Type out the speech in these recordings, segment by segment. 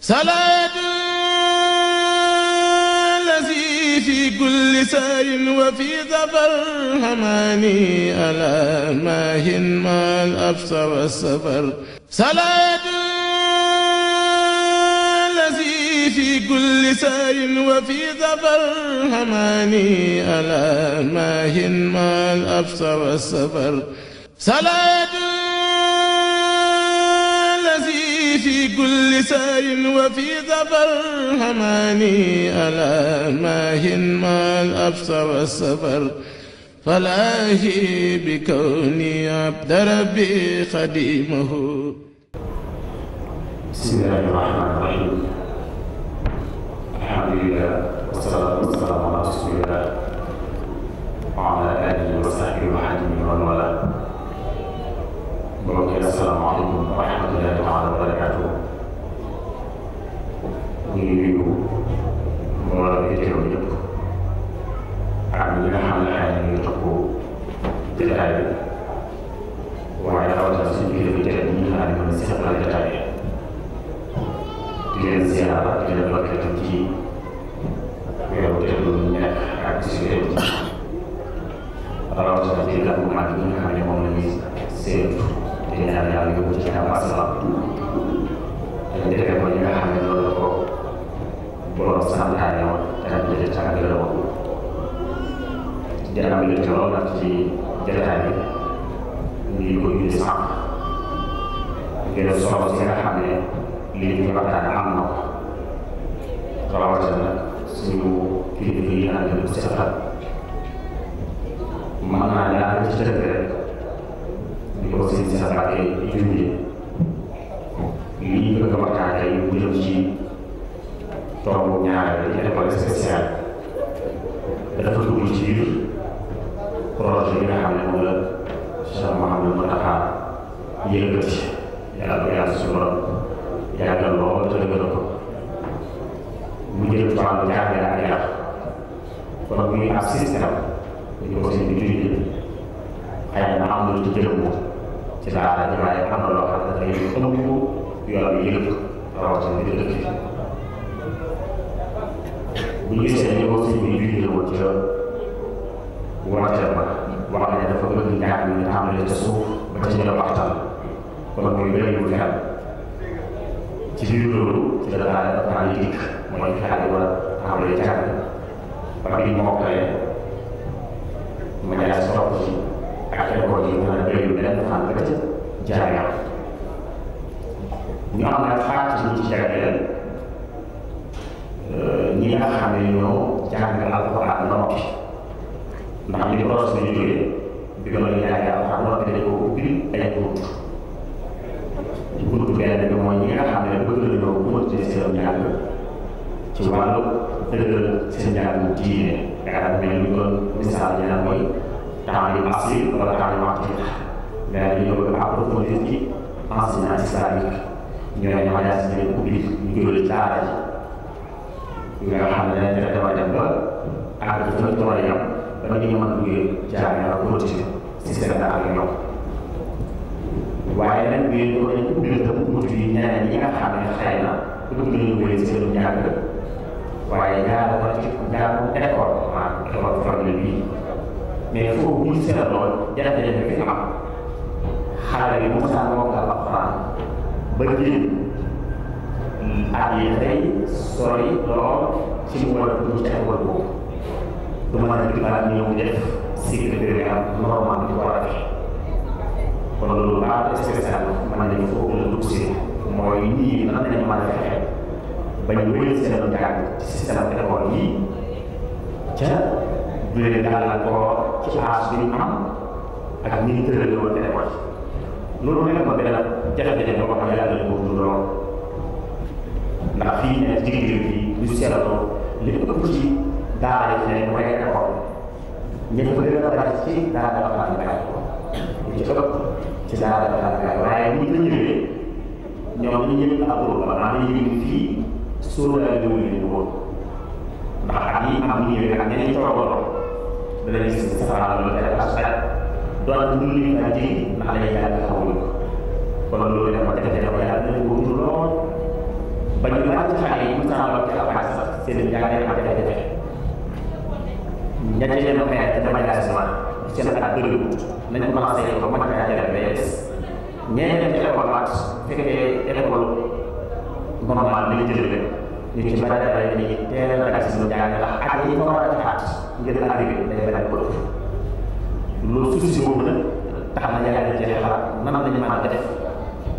salaat lazi fi kulli saarin wa fi safar xamaani ala maahin maal absar safar salaat lazi fi kulli saarin wa fi safar xamaani ala maahin maal absar safar salaat في كل سير وفي ظفر هماني ألا ماهٍ ما الأبصر والسفر فلاهي بكوني عبد ربي خديمه بسم الله الرحمن الرحيم الحمد لله والصلاة والسلام على رسول الله وعلى آله وصحبه وحديثه ومن والاه mbokk yi asalaamaaleykum wa rahmatullahi taala wa barakaatu ñu ngi nuyu mbooloo bi teew ñëpp ak ñi nga xam ne ay ñu topp jotaay bi waaye rawatina suñu kilifa tey ñi nga xam ne seqal jotaay bi di leen ziara di leen barkeel tam ci weeru tedd ñu nekk ak ci rawatina ci gan bu mag bi nga xam ne moom la ñuy seen mbégte lool nag ci jotaay bi ñu ko indi sànq ngir solo si nga xam ne lii ñu waxtaan am na ko rawatina suñu kilifa yi ànd ak wooteel ba wax ne dafa bëgg njàng mi nga xam ne ca suuf ba ca ñëw waxtaan kon muy bëriwul xel ci biir loolu ci la daal dafa dikk mooy xel wala xamle jàng ba bi moo koy ma jaay sa topp ci ak école yi nga xam ne bëriwul benn fan ba ca jaayam ñu am nag xaar ci ñu ci jagleel ñi nga xam ne ñoo jàng alxuraan ba noppi ndax bi projet bi ñu jógee bi doon yaakaar xam nga dañ ko ubbi ay bunt bunt benn bi mooy ñi nga xam ne bëgg nañoo continuer seen njàng ci wàllu dëgëral seen njàng diine yaakaar naa ne lu ñu doon misaal ñu naan mooy temps yi asli wala temps yi waxtu mais ñu bëgg approfondir ci enseignement islamique ñooñu ñoo ñaas ñu ubbi ñu jël daara ji nga xam ne dañu dem ba àgg fa ñu yem ba ni ñu mën a duggee jaay la cotiser si seen daal yi yokk waaye nag bu ñu doon ubbil tam bunt yi ñeneen ñi nga xam ne xëy na dugg nañu wéy seen njàng waaye jaar ko ci jaar ko école maanaam école formel bii mais foofu ñu seet lool jafe-jafe bi fi am xale bi mu saan mokkal alxuraan ba génn at yi day sori lool ci mu war a dugg ci école boobu du mën a dimbalaat ñëw def cycle périnéal normal bi war a def kon loolu laata spécial mën nañu ko dugg si mooy lii nan lañu mën a fexe ba ñu wéyal seen jàng ci système école yi ca du leen gàllankoor ci âge bi ñu am ak ni ñu tëralee woon benn école loolu nekk na benn jafe-jafe boo xam ne yàlla nañu ko dund lool ndax fii ne jigéen bi ñu seetloo li ëpp ci daara yi ne mooy ay école ñëpp gën a bari ci daara la faral di bàyyi ko li ci ëpp ci daara la faral di bàyyi waaye bu ñu ñëwee ñoom ñu ñëw ab rôle maanaam ñu ngi fii sóoraale wu ñu woon ndax am yi am ñëwee ak ñeneen coogaloon danañ gis saraa loolu def ak xel doon ñu ñu ak jigi ndax lay yàlla xawul ko kon loolu dafa jafe dafa yàlla dana ko wutu lool ba ñu laaj xale yi mu sax seen jàngale ak jafe-jafe ñetti leen xeex te dama jaay sama seen ak ci école waat fekkee école normal ñu jëlee ñu ci bari a gis ñu jàng ndax at yi ko war a defaat ngir arrivé dañu bëri na yaa ngi jëlee xalaat a def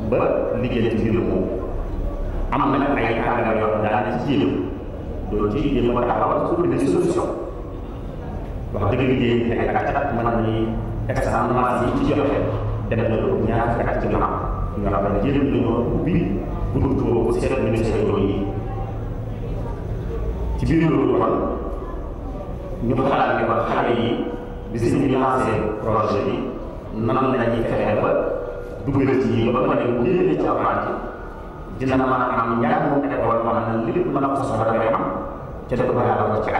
ba liggéey ci mbir am na ay tàngoor yoo xam daal ci jéem doo ci jéem a taxawal suuf di solution wax dëgg liggéey bi nekk ak cat mën nañu extrêmement yi ci joxe dem na lu ñaar fukki at ci ginnaaw nga xam ne jëlee nañoo ubbi buntu boobu seet ministère yooyu yi ci biir loolu kon ñu xalaat ne ba xale yi am njàng mu école moo xam am ca dëkk ba yàlla ci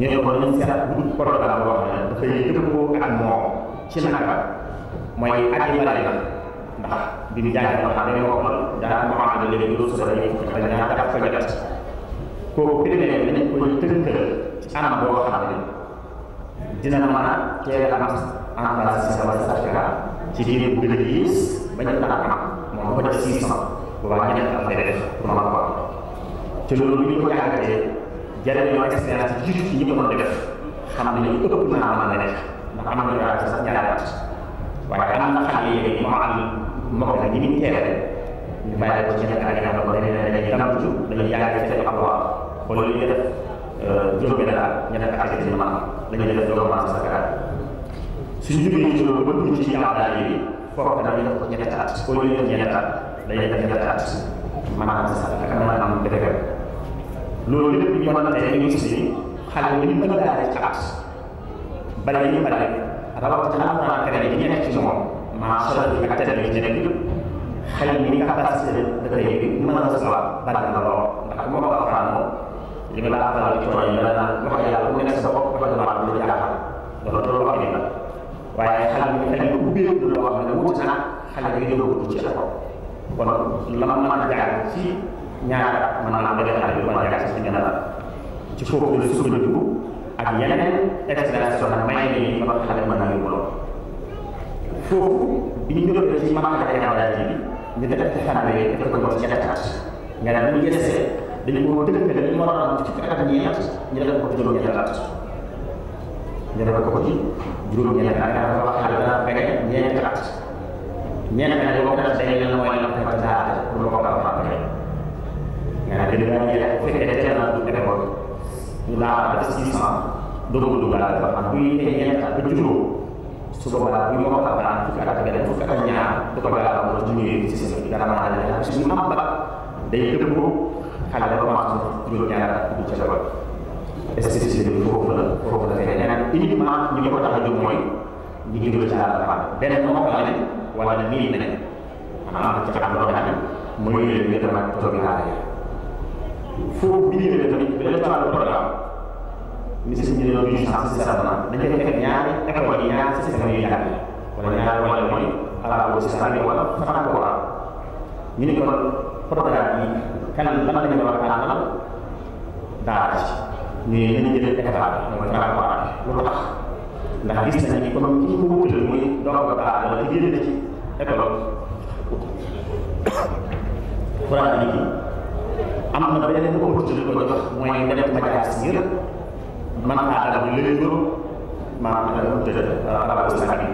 ñu ne ko nañ seet bu programme boo xam ne dafay dëppoo ak moom ci naka mooy at yi bari na ndax bi mu jàngee ba xam ne daa ma xam yi fa ñaar ak fa jot kooku primère bi nañ koy tënkal ci anam moom ba def six cent bu baax ñu def affaire pour jariñoo expérience jiitu ci ñi ko doon def xam nañu ëpp naa mën a nekk ndax na xale yi moo am mbokk na ñu ñu bàyyi ko ci ñetti at yoo xam ne dañuy damtu dañuy yàgg euh, ci seen emploi ñu def juróomi daal ñetti doomu maanaam sa ñu def ñetti loolu lépp ñu mën a tey ñu gis ni xale yi ñu ëndaale ci at bari ñu bari rawatina alxuraan karim yi ñu nekk ci moom maasalaatu ak télé yi ci nekk yëpp xale yi nga capacité de tey bi mën a recevoir bari na lool ndax moo ko alxuraan moom li nga laa faral ci coono yi la naan wax yàlla ku nekk sa bopp wax dama am lu jaaxal loolu loolu wax na waaye xale yi xale yi ubbeeku loo xam ne wuute na xale yi ñëw ci sa bopp kon la ma mën a jaar ci ñaar mën naa bëgg xale bi wala jaasi si gën a ci foofu la sukkandiku ak yeneen explication nag may ni ba xale mën naa yóbbu loolu foofu bi ñu doon ci maanaam dafa ñaaw daal bi ñu def ci xale yi dafa ko ci ñetti at nga ne ñu yesee dañu ko dëgg dañu war a am ci fukki at ñeent ñu def ko juróom ñetti at ñu def ko ci juróom ñetti at dafa wax xale dana bëgg ñeenti at ñeenti at boo ko def dañu leen mooy la ko daal pour ko baax nga ne dañu daan yéex bu fekkee teel naa dugg école ñu laa def six ans doog dugal dafa am buy te ñeent ak juróom su boobaa bu ñu ko xabaar fukki at beneen fukki at ñaar du ko gaaw a ci ñëwee ci seen bi gannaaw naa leen si ñu am ba day dëppoo xale ba commencé juróom ñaar ak dugg ca école spécificité bi foofu la foofu la fekkee nag uniquement ñu ko tax a jóg mooy ñu jël ci àll ba beneen moo ko ne wala mii nañ maanaam ci am loo xam ne mooy leen ñu dem ak toog foo biir tamit ba defaral programme ministre bi ñu licence si sarana dañ koy fekk ñaari école yi ñaari système yu jàng wala ñaari wala mooy arabo islamique wala franco arabe ñu ne kon programme yi kan lan la ñu war a tànnal daara ci ñu ne nañu jëlee école mooy franco arabe lu tax ndax gis nañ ni comme ki ko wutal muy doog a daara wala génn na ci école Quran yi am na beneen opportunité ko jox mooy nga dem Dakar ngir mën naa dara ñu léegi ñëw maanaam dara mu tëdd arab sabi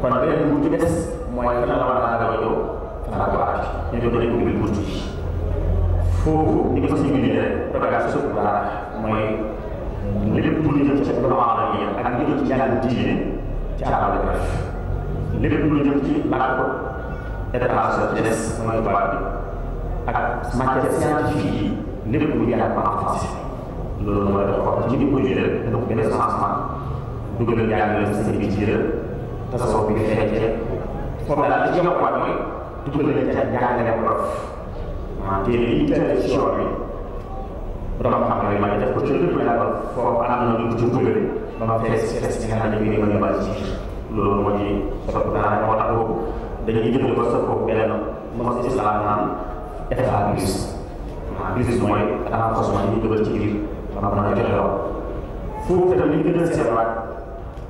kon beneen bu ci mooy fan la war a dara yow dara ko aaj ñu doon dañu ubbil bunt yi foofu ñu ngi suñu ngi rek bagage suuf dara mooy lépp lu jëm ci doomu aadama yi ak lu jëm ci jàng diine ci arab la ko def lépp lu jëm ci làkk étranger des mooy tubaab bi ak matière scientifique yi lépp lu yàlla ba am fas loolu mooy dafa ko jëlal dafa ko benn changement dugal jàngale sëñ bi ci jëlal tasawuf bi feeñ ca foofu daal li ci yokkuwaat mooy dugal na ca jàngale wolof maanaam téere yi tëral ci yoon bi borom xam ne ma def ko ci lépp la foofu am na lu ci dugal ba ma fees fees nga xam ne bii mën a bàyyi ci loolu moo di sopp daanaka moo tax boobu dañuy jënd ba sopp boobu beneen mos ci salaam naan effet à grise mooy renforcement yi ñu dugal ci biir ba mën a joxe lool foofu itam li ñu gën a seetluwaat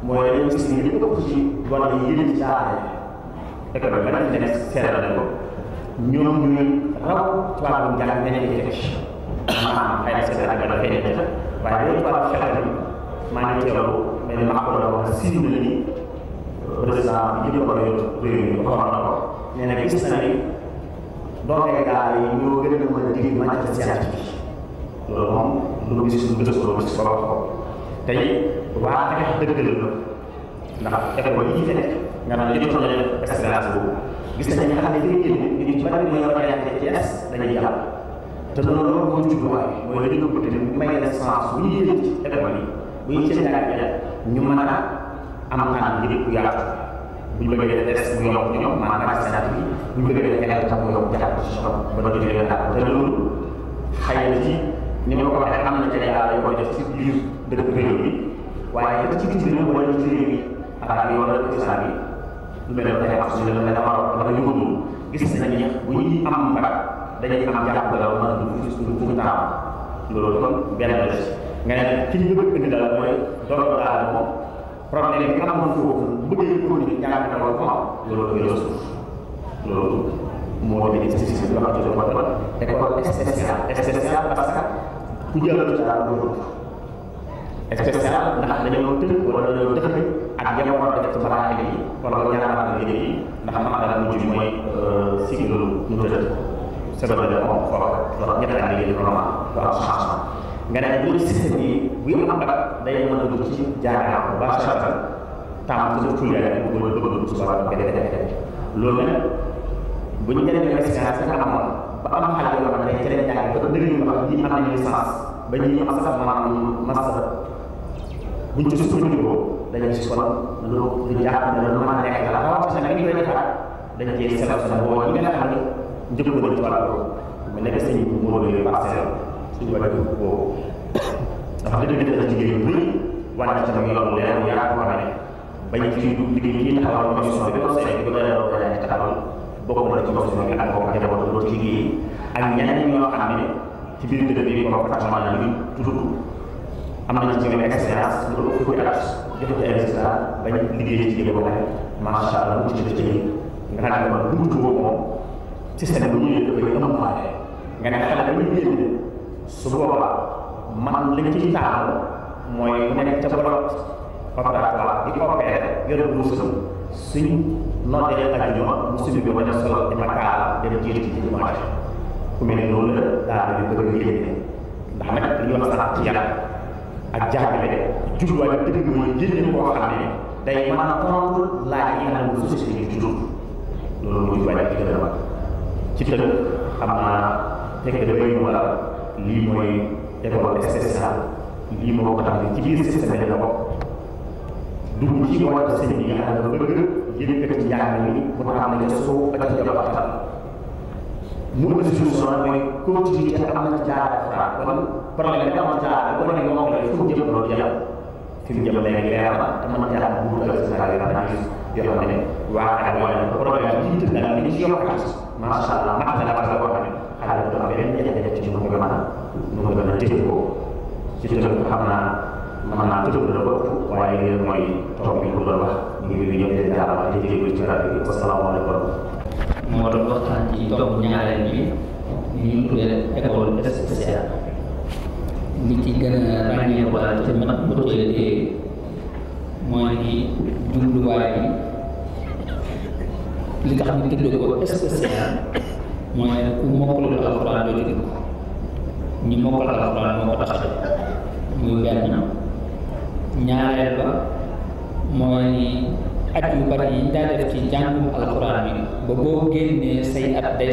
mooy dañoo ni li ëpp ci wàllu yi ci aada yi ci nekk seetal nañ ko ñoom ñuy raw ci wàllum jàng dañuy jafe maanaam xëy na seetal ak benn feeñ nekk waaye dañu ko wax xelal maa ngi teewlu benn la wax siiw na ni président bi jël ko réew mi waxoon na ko nee na na ni doomu gaal yi ñoo gën a mën a digg mën a ci seet bi loolu moom waa tax dëggal la nga naan li jotoon nañu boobu gis nañ nga xam ne dañuy ñu ci bari mooy orienté ci ñu ko tuddee mën a am bu ñu bëggee def test bu yokk ñoom maanaam vaccinat bi bu ñu bëggee def ñaari tax mu yokk jàpp ci ñoom ba ñu jógee daal te loolu xëy na ci ni ma ko waxee am na ci ay daal yu koy def ci biir dëkk réew bi waaye ba ci gis ne wala ci réew yi attaques yi wala cosaan yi lu mel ne dafay am suñu la dama wala ñu ko dund gis nañu ne bu ñuy am mbag dañuy am jàpp daal mën a dugg ci suñu fu taaw loolu kon benn la ci nga ne ki ñu bëgg indi daal mooy doon daal moom problème bi amoon foofu bu dee ko ni ñaar na loolu loolu ko yosu loolu moo di ci ci ko ko école spéciale spéciale parce que ku jël ci dara do spéciale ndax dañoo tënk ak jamono war def mooy euh cycle lu mu tëdd de on ko wax ñetta liggéey normal wala changement nga ne loolu système bi bu yëpp am rek day mën a dugg ci jaaraaw ba charte taamu toujours tuuti rek mu bëgg a dugg suba nga def jafe-jafe loolu nag bu ñu demee expérience nga amoon ba am xale yoo xam ne ci lañ jàng ba dëgg ñu wax ñi am nañu licence ba ñi ñu am sax maanaam master buñ ci sukkandikoo dañuy si kon lu lu jàpp ne lu mën a nekk la rawatina nag ñu koy defaat dañ cee seetlu sa boo ñi nga xam ne njëkkoon ci wàllu mais nag sëñ bi moo doon parcelle suñu wàllu boobu dafa gën a gën a jigéen yu bëri wàcc ci tam yoon leer bu yaatu war a ne bañ ci liggéey yi taxawal commission bi conseil bi ko leeral ko yaa taxawal bokk na ci commission bi ak bokk jabar loolu liggéey ak ñeneen ñoo xam ne ci biir dëkk bi ko pratiquement la ñuy tudd am nañ ci même expérience lu ëpp fukki at joxe ci ay résultat bañ liggéey ci liggéey boobu macha allah mucc ci nga xam ne man lu mucc boobu moom système bu ñëwee dafay am nga ne xale dañuy génn su boobaa man li ci taamu mooy mu nekk ca bloc opératoire di a sol di makaar dem jiite ci jumaa ji ku mel ne loolu la daal di bëgg a génne ndax nag li ñuy wax sax ci yàlla ak jàngale koo xam ne day mën a tontu laaj yi nga xam ne société loolu mooy jubluwaay bi gën a mag ci tënk xam naa fekk damay ñu war lii mooy école spéciale lii moo ko tax ci biir système bi la bokk dugg ci wàllu sëñ bi nga xam ne bëgg yëkkati njàng mi mu xam ne suuf ba ci jobatal mu ëpp solution mooy continuité am na jaar ak kon problème bi amoon jaar ba ne moom lay fu jëm loolu jëm fi mu jëm léegi leer na te mën jaar bu mu dëgg sa yoo xam ne waa ak wala problème yi tëdd na ni ci yokkaat macha allah mat na la parce que xaaral du am beneen a ci tënk naa mën naa tënk ko mooy toog bi mu doon ngi ñëw ñu ngi tuddee école spéciale li ci gën a ràññee ko daal te man bu mooy ni jumtuwaay bi li nga xam ne tuddee ko spéciale. mooy ne mokkal alxuraan moo ko tax a jóg muy benn ñaareel ba mooy ni yi ñu daa ci jàngum alxuraan bi ba boo génnee say at day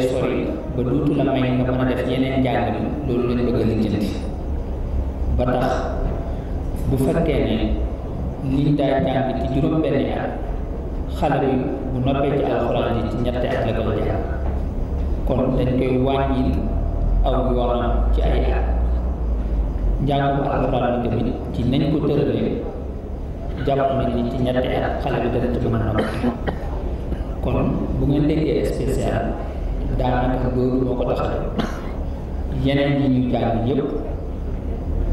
ba duutu la may nga mën a def yeneen jàng bi loolu lañ bëgg a lijjanti ba tax bu fekkee ne liñ daa jàng ci juróom-benni at xale bi bu noppee ci alxuraan yi ci ñetti at la koy kon dañ koy wàññil aw yoonam ci ay at njàngum alxuraan bi tamit ci nañ ko tëralee jàpp nañ ni ci ñetti at xale bi dana ci mën na kon bu ngeen déggee spécial daanaka loolu moo ko tax yeneen yi ñu jàng yépp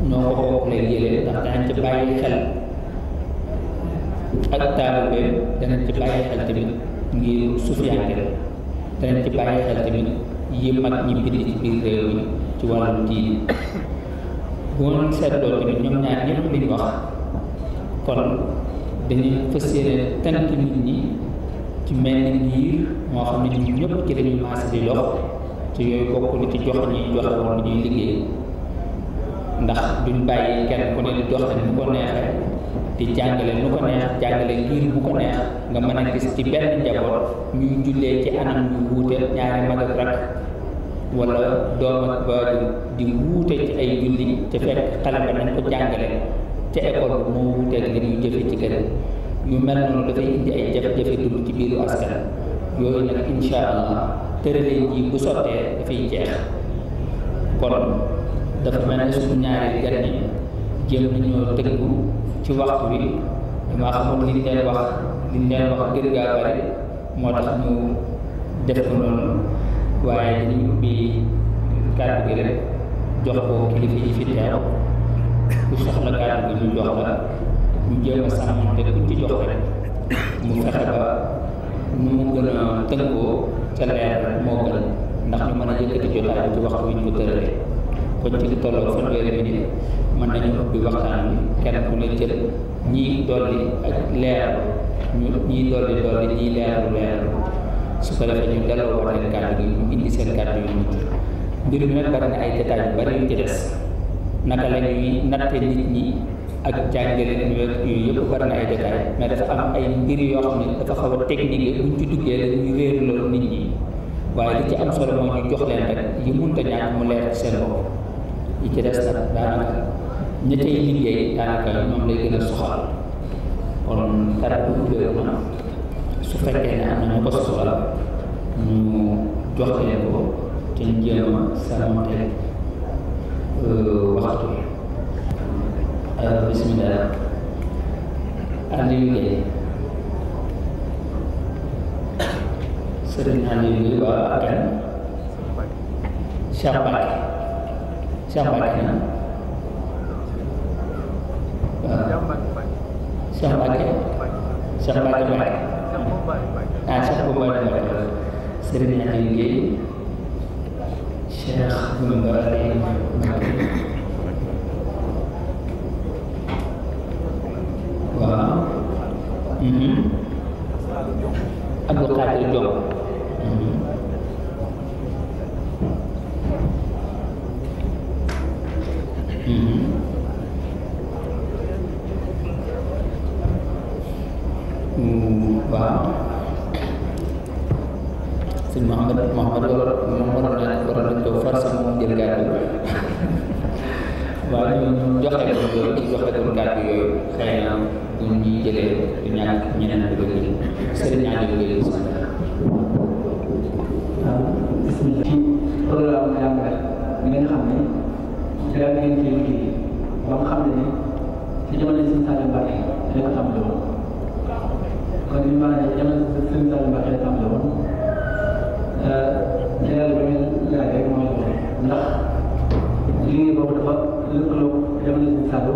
ñoo ko bokk lay jëlee ndax danañ bàyyi xel ak taalibe danañ ci bàyyi xel tamit ngir suufiyanke danañ ci bàyyi xel tamit yi mag ñi bind ci biir réew mi ci wàllum diine bu ngeen seetloo tamit ñoom ñaar ñëpp liñ wax kon dañuy fas yéene nit ñi ci mel ni ngir moo xam ne ñun ñëpp ci lañuy maas di dox ci yooyu bokk ni ci jox ñuy joxe woon lu ñuy liggéey ndax duñ bàyyi kenn ku ne di dox ni ko neexee di jàngale nu ko neex jàngale ngir bu ko neex nga mën a gis ci benn njaboot ñuy jullee ci anam yu wuute ñaari mag ak rak doom ak baajur di wuute ci ay julli ci fekk xale ba nañ ko jàngale ca école bi moo wuuteeg li ñuy jëfe ci kër yu mel noonu dafay indi ay jaf jafe dund ci biiru askan yooyu nag insha allah tëraleen ji bu sottee dafay jeex kon dafa mel ne suñu ñaari gan ñi jéem nañoo tëggu ci waxtu bi damaa xamul liñ leen wax liñ leen wax gën ngaa bari moo tax ñu def ko noonu waaye dañuy ubbi kàddu gi rek jox ko kilifa yi fi ku soxla kàddu gi ñu jox la ñu jéem a sàmmante ku ci jox rek mu fexe ba nu mu gën a tënkoo ca leer moo gën ndax ñu mën a yëkkati jotaay bi ci waxtu bi ñu ko tëralee kon ci lu tolloo fanweeri minute mën nañu ubbi waxtaan bi kenn ku ne jël ñii dolli ak leeral ñu ñii dolli dolli ñii leeralu leeralu su ko defee ñu delloo war leen gi seen kàddu yu mi nag ay détails yu bari yu ci des naka la ñuy natte nit ak jàngale yooyu yëpp bari na ay détails mais dafa dafa xaw a technique buñ ci duggee dañuy réer waaye li ci am solo mooy jox leen rek yi munta ñàkk mu leer seen bopp yi ci des nag daanaka ñi tey liggéey daanaka ñoom lay gën a kon dara bu ubbee mën a ne am na ñu ko soxla te ñu jéem a sàmmante euh, waxtu bi bisimilah Aliou Guèye sëriñ Aliou Guèye waa Akan Cheikh Mbacke na Cheikh Mbacke Cheikh Mbacke Mbacke ah Cheikh Boubou Mbacke Serigne Aliou Guèye Cheikh Boubou Mbacke waaw Abdou Khadir Diop Mouhamad moom waroon na waroon nañ ko force moom jël gàddu waaye ñun joxe ko loolu ci joxe ko gàddu yooyu xëy na ñun ñuy jëlee du ñàkk ñeneen ak bëgg yi sëriñ ñaa jël bëgg yi ci programme jàngal bi nga xam ne yaa ngeen ci liggéey ba nga xam ne ci jamono Sëriñ Saliou Mbacké dafa tàmbali woon kon ñu maa ne jamono Sëriñ Saliou Mbacké tàmbali woon yàlla ba muy laaj rek mooy ndax liggéey boobu dafa lëkkaloo jamono si sàllu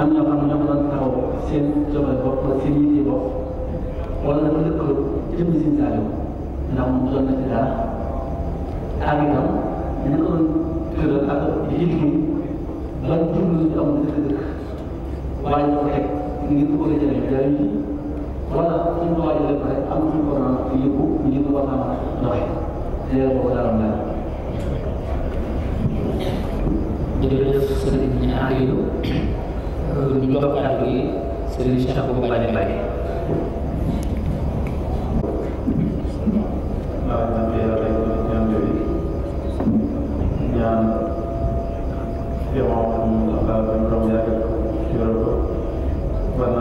am na xam ne dafa taxaw seen coobare bopp wala seen yitte bopp wala dafa lëkkaloo jëm si sàllu ndax mu doon na ci dara ak itam ñu ko doon tëral ak di liggéey ban jublu ñu am dëgg-dëgg waaye ñu ko teg ngir bëgg a jëriñ jëriñ wala suñu waa ji def rek am suñu war a yóbbu ñu ngi war a doxee te yow boobu dara mel. jërëjëf sëriñ Aliou ñu jox kàddu yi sëriñ Cheikh Abou Mbane Mbane.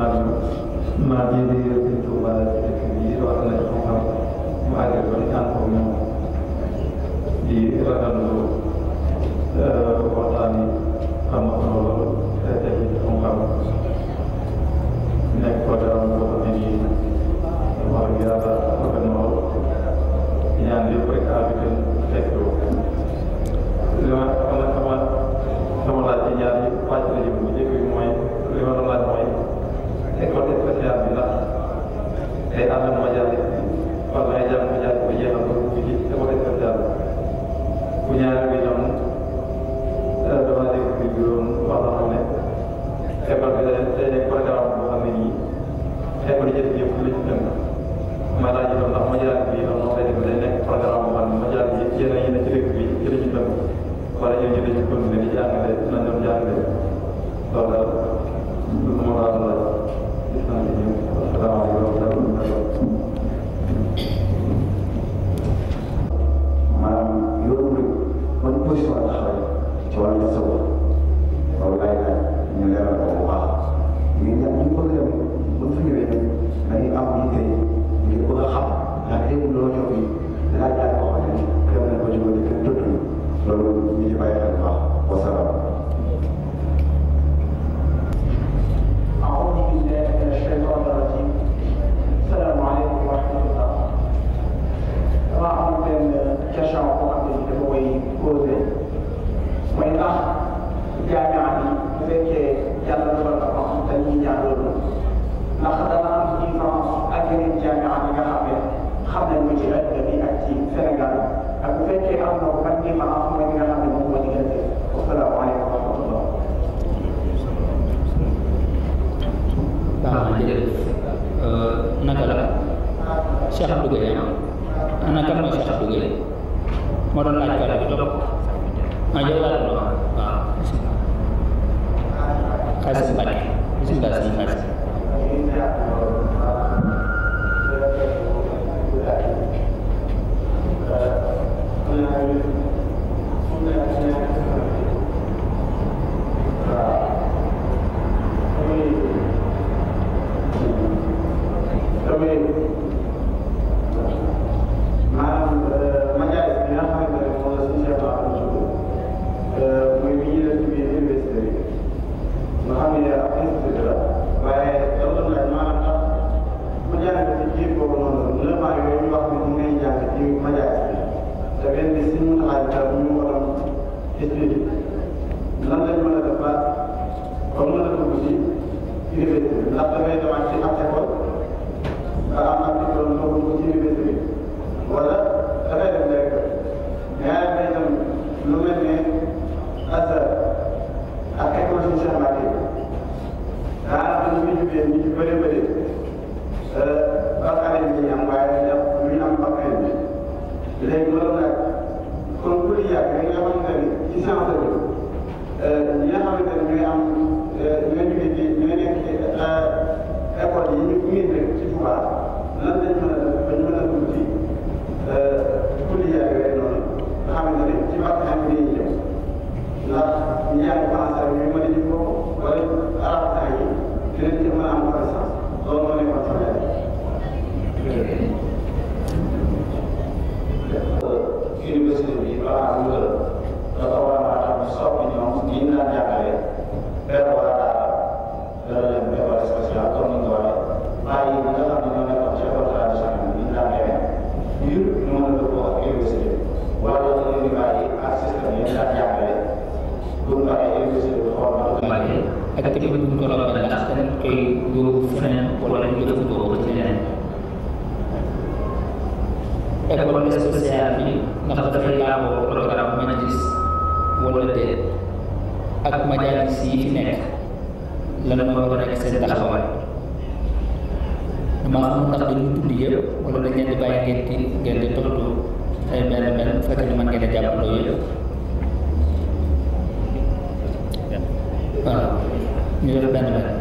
Thank you. maa ngi di sëñ Touba ci dëkk bi wax na ci xam-xam mu àgg ba di ànd ak ñoom di rafetlu waxtaan yi am na solo lool te tamit xam-xam nekk ko dara boo xam ne nii wax dëgg yàlla rafet na lool ñaan yëpp rek àgg fekk ñu ci bàyyi ko Mbàkke ak tamit ndax dañ koy yóbbu ko ci leneen école wala déet ak majalis yi fi nekk lan moo war a nekk seen taxawaay damaa xam ndax dañu tudd yëpp wala dañ leen bàyyi ngeen di tontu ay benn benn bu fekkee ne ngeen a jàppandoo yëpp ñu def benn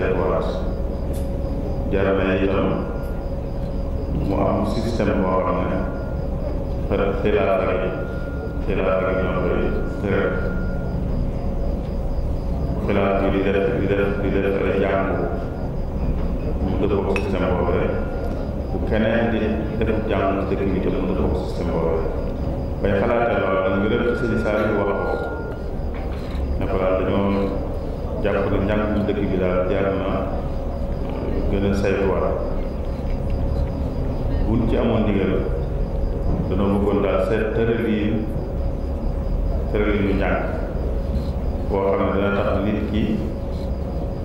seen forage jarana mu am système boo ne xëy xilaat ak xilaat ak ñoom xilaat yi di def di def di def ay jàngu mu dëppoo ko système bu keneen di def jàngu dëkk bi itam mu dëppoo ko système boobu rek bay xalaatee def ci sëñ Saliou wax ko ne ko daal jàpp ne njàng mu dëkk bi daal jaar na euh, gën a saytuwaat buñ ci amoon ndigal danoo bëggoon daal seet tëral yi tëral njàng boo xam ne dana tax nit ki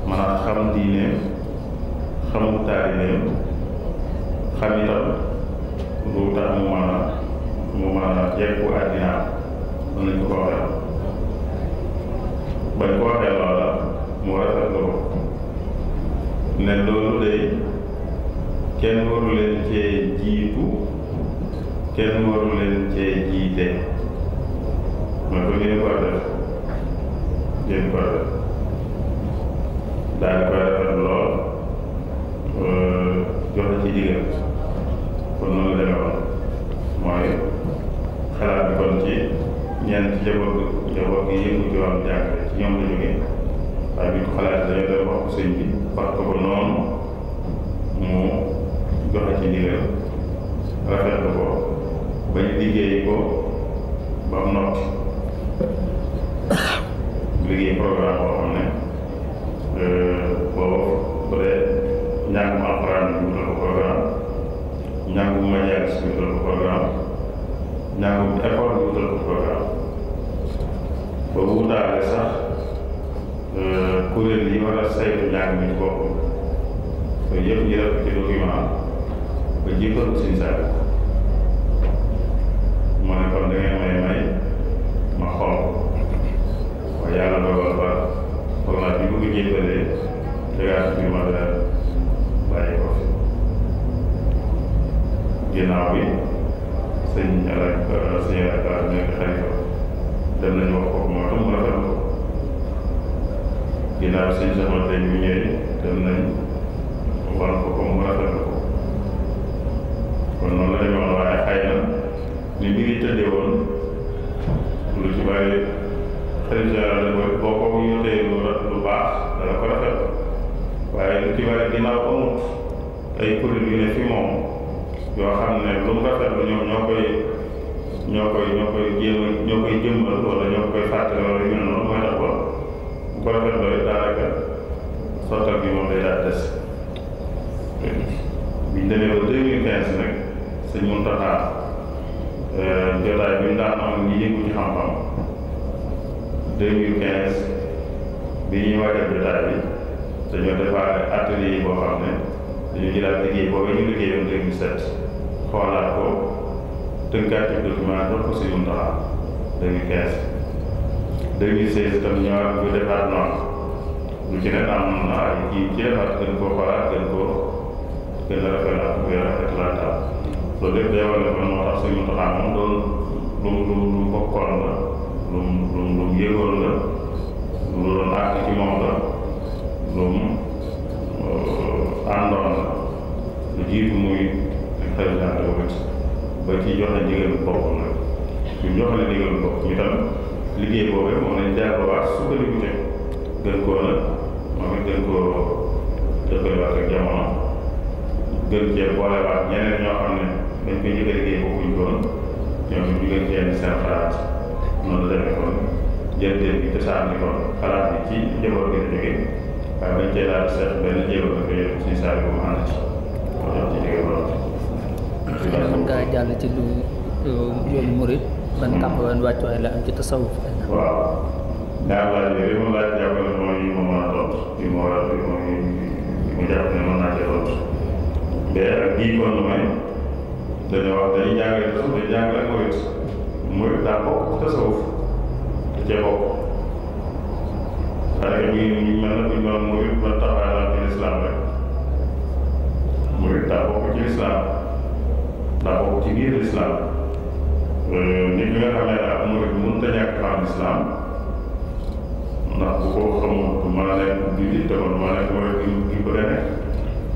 mën a xam diineem xam taalineem xam itam lu tax mu a mu mën a jekku àddinaam mën nañu ko waxee bañ ko waxee loola mu rafetloo ne loolu day kenn waru leen cee jiitu kenn waru leen cee jiite ma ko ngeen ko def ngeen ko def daal koy rafet lool euh, joxe ci digal kon noonu deme woon mooy xalaat bi kon ci ñeent ci njaboot njaboot gi yëngu ci wàllu jàng ci ñoom waaye ko xalaatee dañoo doon wax ko sëñ bi ko ko noonu mu joxe ci ndigal rafetlu ko ba ñu liggéey ko ba mu noppi liggéey programme boo xam ne euh, boobu bu dee njàng mu alxuraan bi wutal ko programme njàng mu manière bi wutal ko programme njàng mu école bi wutal ko programme ba bu wutaale sax Euh, kuréel yi war a saytu njàng mi ci boppam loolu yëpp ñu def ko ci document ba jiital ko suñu saako moo ne kon da ngeen may may ma xool waaye yàlla dogal ba foog naa bi bëgg jiitalee tegaat bi ma da bàyyi ko fi ginnaaw bi sëñ El Hadj Sëñ El Hadj nekk xalifa dem nañu wax ko moom itam mu rafetlu ginnaaw suñu soxla tey mu ñëwee dem nañ war mu rafetlu ko kon noonu la demee woon waaye xëy na ni mi ngi tëddee woon lu ci bàyyi xarit général la mooy boo ko yóotee lu lu baax dana ko rafetlu ne fi moom yoo xam ne lu mu rafetlu ñoom ñoo koy ñoo koy ñoo koy jéem ñoo koy jëmmal wala ñoo koy ko rafet looy daanaka sottal gi moom day daal des biñ demee ba deux mille quinze nag sëñ Muntaxa euh, jotaay bi mu daan am ñi yëngu ci xam-xam deux mille quinze bi ñuy waajal jotaay bi dañoo defaale atelier yi boo xam ne dañu jëlaat liggéey boobu ñu liggéeyoon deux mille sept xoolaat ko tënkaat ci document jox ko sëñ Muntaxa deux mille quinze 2016 itam ñëwaat ñu defaat noonu lu ci ne am na ay kii jeexaat gën koo xoolaat gën koo gën a rafetlaat bu yàlla rafetlaataat loolu lépp day wane kon moo tax suñu taxaw moom loolu lu lu lu bokkoon la lu lu lu yëgoon la lu doon àgg ci moom la lu mu euh, la lu jiitu muy président ba ci joxe ndigal boppam la ñu joxe ndigal bopp mi tam liggéey boobee moom lañ jàlluwaat sukkandiku te gën koo nag moom it gën koo dëppalewaat ak jamono gën cee boolewaat ñeneen ñoo xam ne dañ koy njëkk a liggéey bokkuñ koon ñoom ñu gën cee ni kon xalaat bi ci njaboot gi la jógee waaye jàll ci lu euh, yoonu murit ban hmm. taxawaay wàccuwaay la am ci tasawuf waaw ñaar laaj yooyu ma laaj jàppale mooy yi ma mën a tontu yi ma war a yi ma yi ma jàpp ne mën naa cee tontu mais ak gii kon lu may dañoo wax dañuy jàngale tasawuf dañuy jàngale ak murit murit daa bokk ci tasawuf da cee bokk parce que ñu ngi mel ne bu ñu doon murit ba taxawaay la ci lislaam rek murit daa bokk ci lislaam daa bokk ci biir lislaam Euh, nit ñi nga xam ne daal mooy mënut a ñàkk xam lislaam ndax bu ko xamul mën a nekk jullit te man maa nekk mooy gi gi ko demee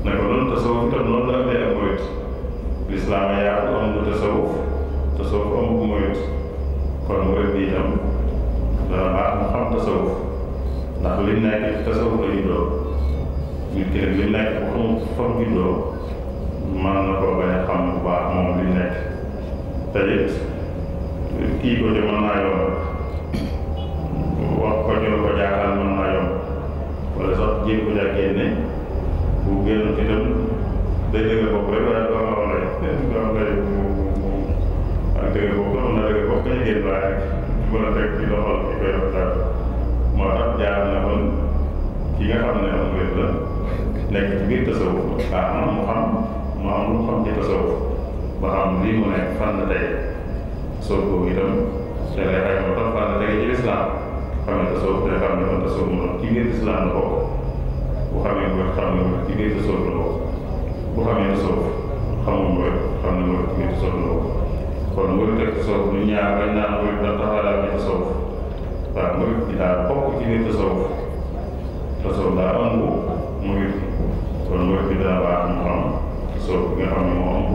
ne ko noonu tasawuf itam noonu la amee ak moyit lislaam a yaatu am lu tasawuf tasawuf am bu moyit kon mooy bi itam dana baax mu xam tasawuf ndax li nekk tasawuf la juddoo nit ki nag li nekk bu xamul fam juddoo mën na ko bañ a xam bu baax moom li nekk te it kii ko de mën naa yomb wax ko de ko jaaxal mën naa yomb wala sax jéem ko jaa génne bu génn itam day dëgg bopp rek waaye du am lay day du am lay ak dëgg bopp am na dëgg bopp kañ génn waaye mën a teg ci loxol ki koy wax dara moo tax jaar na kon ki nga xam ne am wér la nekk ci biir tasawuf ah mu xam mu am lu xam ci tasawuf ba xam lii mu nekk fan la tey soob boobu itam te leeral moo tax fànn tege ci lislaam xam ne tasawuf te xam ne kon tasawuf moom ci biir lislaam la bokk bu xamee mooy xam ne mooy ci biir tasawuf la bokk bu xamee tasawuf xamul mooy xam ne mooy ci biir tasawuf la bokk kon mooy teg tasawuf ñu ñaar bañ naan mooy da taxalaa ci tasawuf waaw mooy ci daa bokk ci biir tasawuf tasawuf daa ëmb mooy kon mooy bi daa baax mu xam tasawuf bi nga xam ne moo ëmb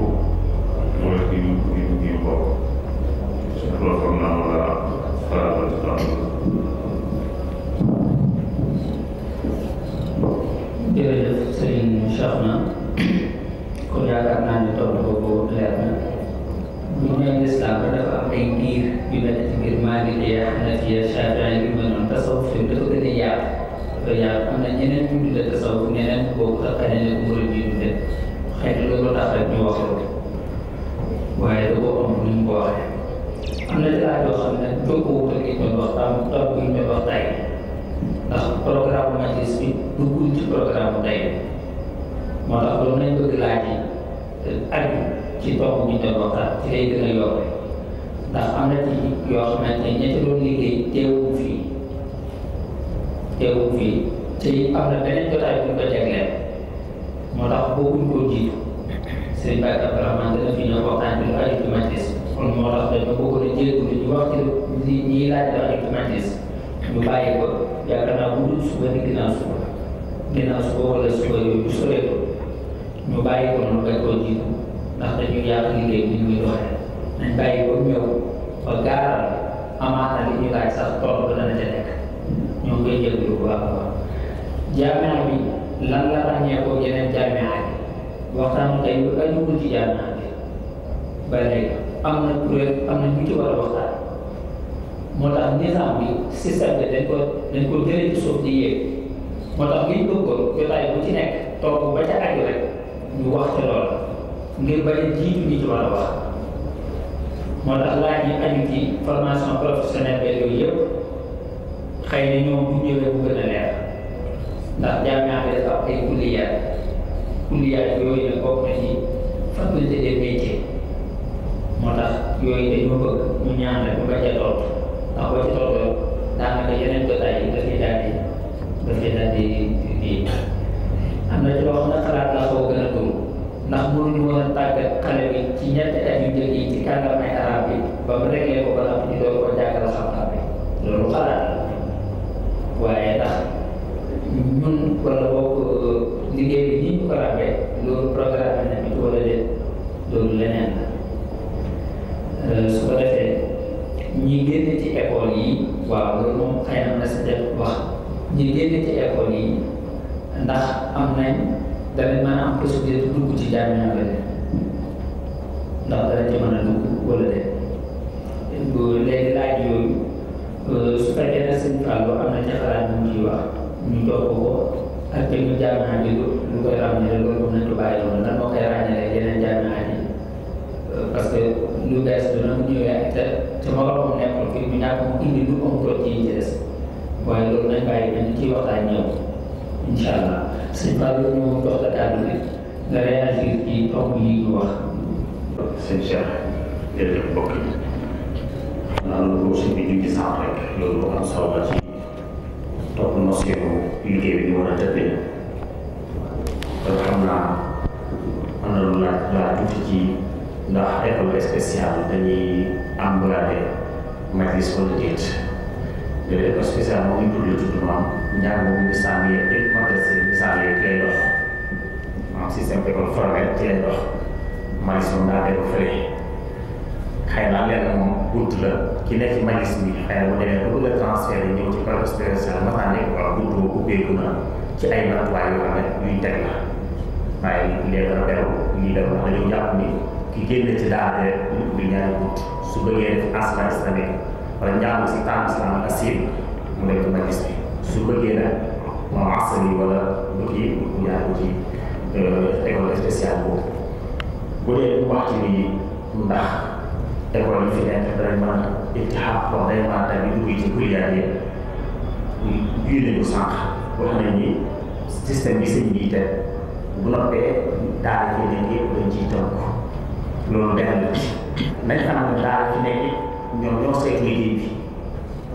mooy ki mu ki mu bokk رفعنا وراء فلا jërëjëf sëriñ Cheikh na kon yaakaar naa ne tontu boobu leer na ñu ne lislaam ba dafa am ay diir yu nekk ci ngir Maalikiya Hanafiya Shaafi'i yu mel noonu tasawuf fi dafa gën a yaatu dafa yaatu am na ñeneen ñu tudde tasawuf ñeneen boobu ak keneen ak murid yi tudde xëy na loolu tax rek ñu wax loolu waaye da ko am ni mu ko waxee am na jëlaat yoo xam ne jóg ko wutal gi ñu wax tam toog gi ñu wax tey ndax programme matrice bi duggul ci programme tey moo tax loolu nañ bëgg laaj yi ak ci toog gi ñu waxtaan ci lay gën a yokk ndax am na ci yoo xamante ne ñetti doon liggéey teewul fii teewul fii te am na beneen jotaay bu ñu ko jagleel moo tax bokkuñ koo jiitu sëñ Bakar Abdourahmane dana fi ñëw waxtaan ci lu aju moo tax dañ ko bëggoon a jël ñu wax ci ñiy laaj ba ñu matis ñu bàyyi ko yaakaar naa bu dul suba ni ginnaaw suba ginnaaw suba wala suba yooyu bu soree ko ñu bàyyi ko noonu bañ koo jiitu ndax dañu yàq liggéey bi ñuy doxee nañ bàyyi ko ñëw ba gaaral amaana li ñu laaj sax tool ba dana ca nekk ñoo ngi koy jël bu baax a baax jaamea bi lan la ràññee ko am na kuréel am na ñu ci war waxtaan moo tax nizaam bi système bi dañ ko dañ ko jëlee ci di yéeg moo tax liñ bëggoon jotaay ba ca a yi aju ci formation professionnelle ba yooyu yëpp xëy na ñoom bu ñëwee bu gën a moo tax yooyu dañ ma bëgg ñu ñaan rek ñu bañ a toll ndax ci tolloo daanaka yeneen jotaay yi dafay daal di dafay daal na ci loo xam ne xalaat laa koo gën a dóor ndax mënuñu woon a tàggat xale bi ci ñetti at yu njëkk yi ci kàllaamay arab bi ba mu réglé ko ba nga xam ñu doon ko jàngal xam-xam bi loolu xalaat la waaye ndax ñun wala boog liggéey bi ni ñu ko ràbbee loolu programme nañ ko wala déet loolu Euh, su ko defee ñi génne ci école yi waaw loolu moom xëy na na si def wax ñi génne ci école yi ndax am nañ danañ mën a am possibilité dugg ci jaamiya ba de ndax dana ci mën a dugg wala de léegi laaj yooyu euh, su fekkee ne sëñ Fallou am na jaxalaat ñu ciy wax ñu jox ko ak jëmm jaamiya bi lu koy ràññee loolu mën nañ ko bàyyi moo koy ràññee yeneen jaamiya yi euh, parce que lu bees dina mu ñëwee te te moroomam nekkul fii mu ñàkk mu indi lu amutoon ci ci des waaye loolu nañ bàyyi nañ ci waxtaan ñëw incha allah sëñ Fallou ñu jox la kàddu gi nga réagir ci tomb yi ñu wax. sëñ Cheikh jërëjëf mbokk yi naan loolu aussi bi ñu gis rek loolu am solo la ci topp noseeru liggéey bi ñu war a tëddee kon xam naa am na lu laaj laaj tuuti ci. ndax école spéciale dañuy embradé maîtrise wala déet léegi école spéciale moo ngi tudd tudd maam njàng moom misaal yeeg dégg madrasa misaal yeeg lay dox maam système école formel ci lay dox malis moom daa def fële xëy na lenn moom bunt la ki nekk ci malis bi xëy na bu demee ba bëgg a transféré ma saa nekk waaw bunt boobu ubbeeku na ci ay matuwaay yoo xam ne yuy la waaye léegi dana beru lii def ndax dañoo jàpp ki génn ci daara bi ñaan su bëggee def enseignement islamique wala njàng si taamu islam asir mu nekk magistrat su bëggee nag moom asal yi wala bëggee mu ñaan ci euh, école spéciale boobu bu dee wax ci nii ndax école yi fi nekk vraiment ittihaad ko vraiment tamit dugg ci kuliyaat yi biir nañu sànq wax nañ ni système bi sëñ bi te bu noppee daara yi nekk yëpp dañ ciy tënk loolu benn nañ xanaa ne daal fi nekk ñoom seet liggéey bi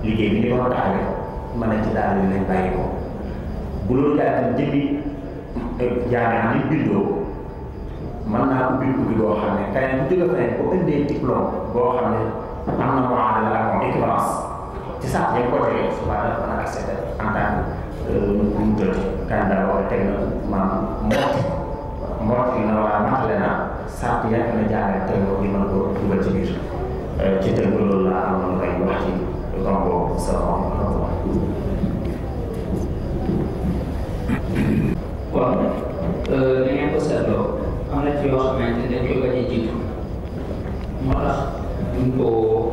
liggéey bi ni ko taxawee mën nañ ci daal lañ bàyyi ko bu loolu daal di jëmmi jaaraan ni bindoo mën naa ubbi ubbi boo xam ne keneen bu jóge feneen bu indee diplôme boo xam ne am na moo xam ne la am équivalence ci sax dañ ko tegee su baax dafa mën a accéder en tant que euh, mu tëdd candidat wala teg na maanaam na sart yaa ngi la jaaree tey moom ñu mën koo dugal ci biir ci tënk loolu laa amoon lay wax ci tomb boobu salaamaaleykum. waaw ni ngeen ko seetloo am na ci yoo xamante ne dañ koy bañ a jiitu moo tax duñ koo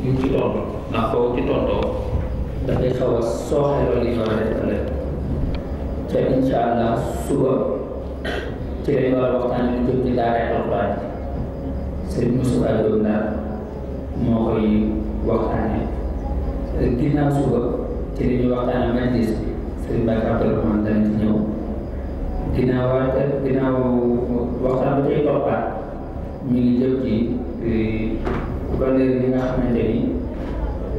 duñ ci tontu ndax boo ci tontoo dafay allah suba. ci lañ war a waxtaanee lu jëm ci daara alxuraan sëriñ Moussa Diop daal moo koy waxtaanee ginnaaw suba ci li ñuy waxtaanee majlis bi sëriñ Bakar Abdourahmane dana ci ñëw ginnaaw wa ginnaaw waxtaan bi tey toppaat ñu ngi jëm ci valeur yi nga xamante ni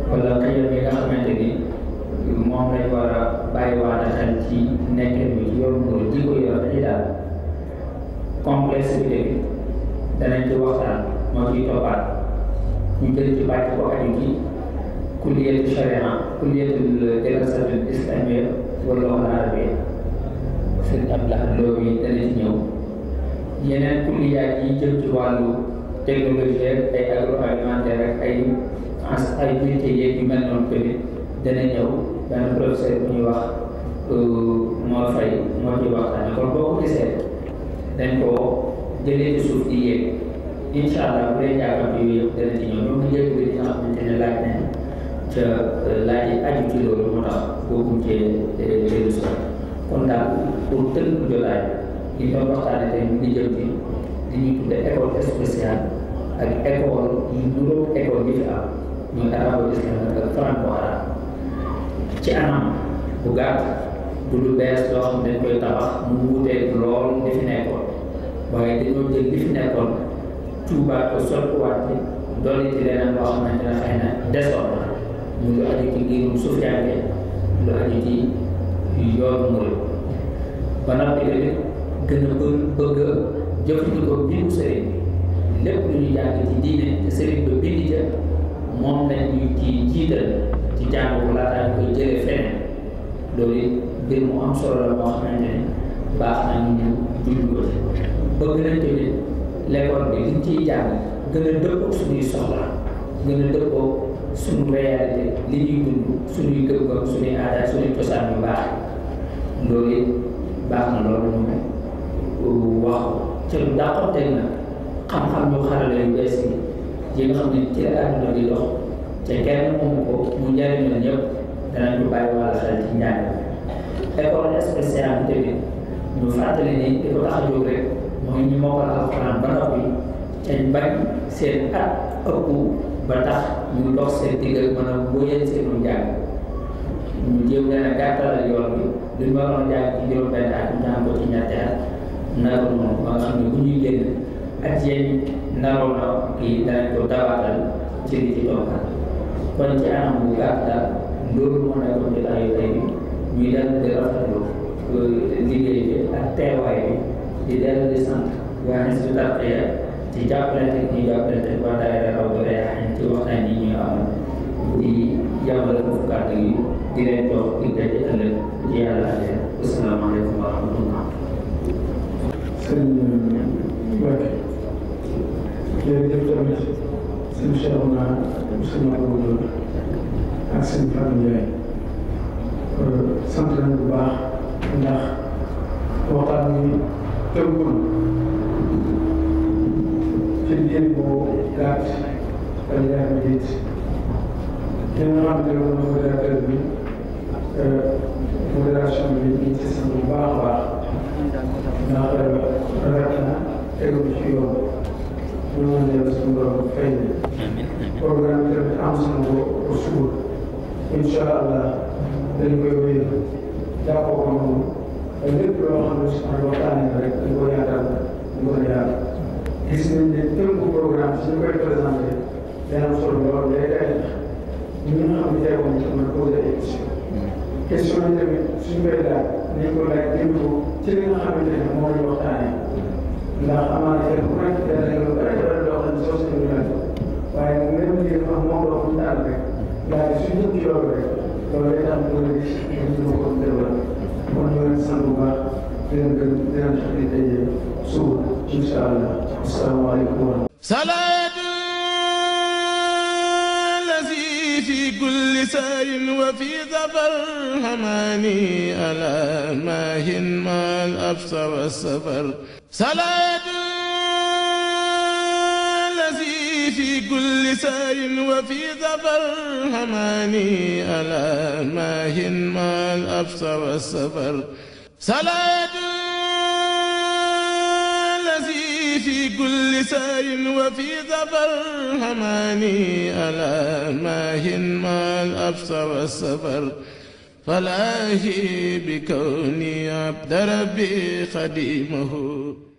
wala xëyam yi nga xamante ni moom lañ war a bàyyi waata xel ci nekkin bi ci yoonu ko yor dañuy complexe bi dégg danañ ci waxtaan moo ciy toppaat ñu jël ci bàcc bu aju ci kulliyatu sharia kulliyatul dirasatul islamiyya wala wala arabiyya sëriñ Abdoulaye Lo bi dana ci ñëw yeneen kulliyaat yi jëm ci wàllu technologie ay agroalimentaire rek ay ay unité yeeg yu mel noonu tamit dana ñëw benn professeur bu ñuy wax euh, moo fay moo ci waxtaane kon boo ko gisee dañ koo jëlee ci suuf di yéeg incha allah bu dee njàngam yooyu yëpp dana ci ñëw ñoom ñu jël li nga xamante ne laaj nañ ca euh, laaj yi aju ci loolu moo tax boobu cee euh, dellu si kon daal pour tënk jotaay li doon waxtaane tey mu ngi jëm ci li ñuy tuddee école spéciale ak école yu nuróo école yi fi am ñuy arabo islam ak franco arabe ci anam bu gàtt du lu bees loo xam ne dañ koy tabax mu wuuteeg lool li fi nekkoon waaye dañoo jël li fi nekkoon tuubaat ko soppiwaat bi dolli ci leneen loo xamante ne xëy na desoon na mu lu aju ci ngirum suufiyanke lu aju ci yoonu murid ba noppi tamit gën a bëgg a jëfandikoo bindu sëriñ lépp lu ñu jàng ci diine sëriñ ba bind ca moom lañ ci jiital ci jàng bu laataa ñu koy jëlee feneen loolu mbir mu am solo moo xamante ne baax na ñu ñu ko ci bëgg nañ tamit l'école bi liñ ciy jàng gën a dëppoo suñuy soxla gën a dëppoo suñu réalité li ñuy dund suñuy gëm-gëm suñuy aada suñuy cosaan yu baax loolu it baax na loolu moom wax ci lu dàqonteeg xam-xam ñu xarala yu bees yi yi xam ne ci àdduna bi dox te kenn moomu ko mu njëriñ la ñëpp danañ ko bàyyi wàll xel ci njàng école spéciale bi tamit ñu fàttali ni di ko tax a jóg rek mooy ñu mokkal alxuraan ba noppi cañ bañ seen at ëpp ba tax ñu dox seen digal mën a wóyal seenu njàng ñu jéem leen a gàttalal yoon bi duñ waroon jàng ci juróom-benn at ñu am ko ci ñetti at naroon noonu ba nga xam ne bu ñuy génn at yéen naroon na kii danañ ko dawaatal ci li ci doon kon ci anam bu gàtt daal loolu moo nekkoon jotaay yu tey bi ñuy dellu di rafetlu liggéey bi ak teewaay bi di dellu di sant waa Hizbut Tarqiyyah ci jàppalante ak ñuy jàppalante ak waa daayira Rawdu Rayaahiin ci waxtaan yi ñuy amal di jàppale foofu kàddu yi di leen toog di daje ëllëg ci yàlla leen asalaamaaleykum wa rahmatullah. sëñ Mbacke jërëjëf tamit sëñ Cheikh Ouna ak sëñ Abdou ak sëñ Fane Ndiaye sant nañu bu baax ndax waxtaan wi tënkoon ci diir boo gàtt dañuy def njiit li nga xam ne moom modérateur bi euh, modération bi ñu ngi ci sant bu baax a baax ndax euh, rafet na tegu ci yoon ñu mën leen suñu borom fay programme bi tamit am solo pour suba incha dañ koy wéyal jàppoo ko moom te lépp loo xam ne suñu waxtaanee rek dañ ko yaatal dañ gis nañ ne tënku programme suñu koy présenté dana am solo lool day day ñi nga xam ne tey woon ci mën a posé ay questions question yi tamit suñu koy laaj nañ ko ne moo ñu waxtaanee ndax amaana kenn ku nekk dana nekk lu bëri bëri loo xam ne soo waaye mu mel ni moom loo xam ne daal rek daal suñu rek. loolu day tax ñu ngi ko kon ñu leen sant bu baax di leen gën di leen jox di daje suba incha allah asalaamaaleykum wa salaatu lazi fi kulli saarin wa fi safar xamaani ala maahin maal absa wa safar salaatu في كل سير وفي ظفر حماني ألا ماهن ما الأبصر والسفر صلاة الذي في كل سير وفي ظفر حماني ألا ماهن ما الأبصر والسفر فلاهي بكوني عبد ربي خديمه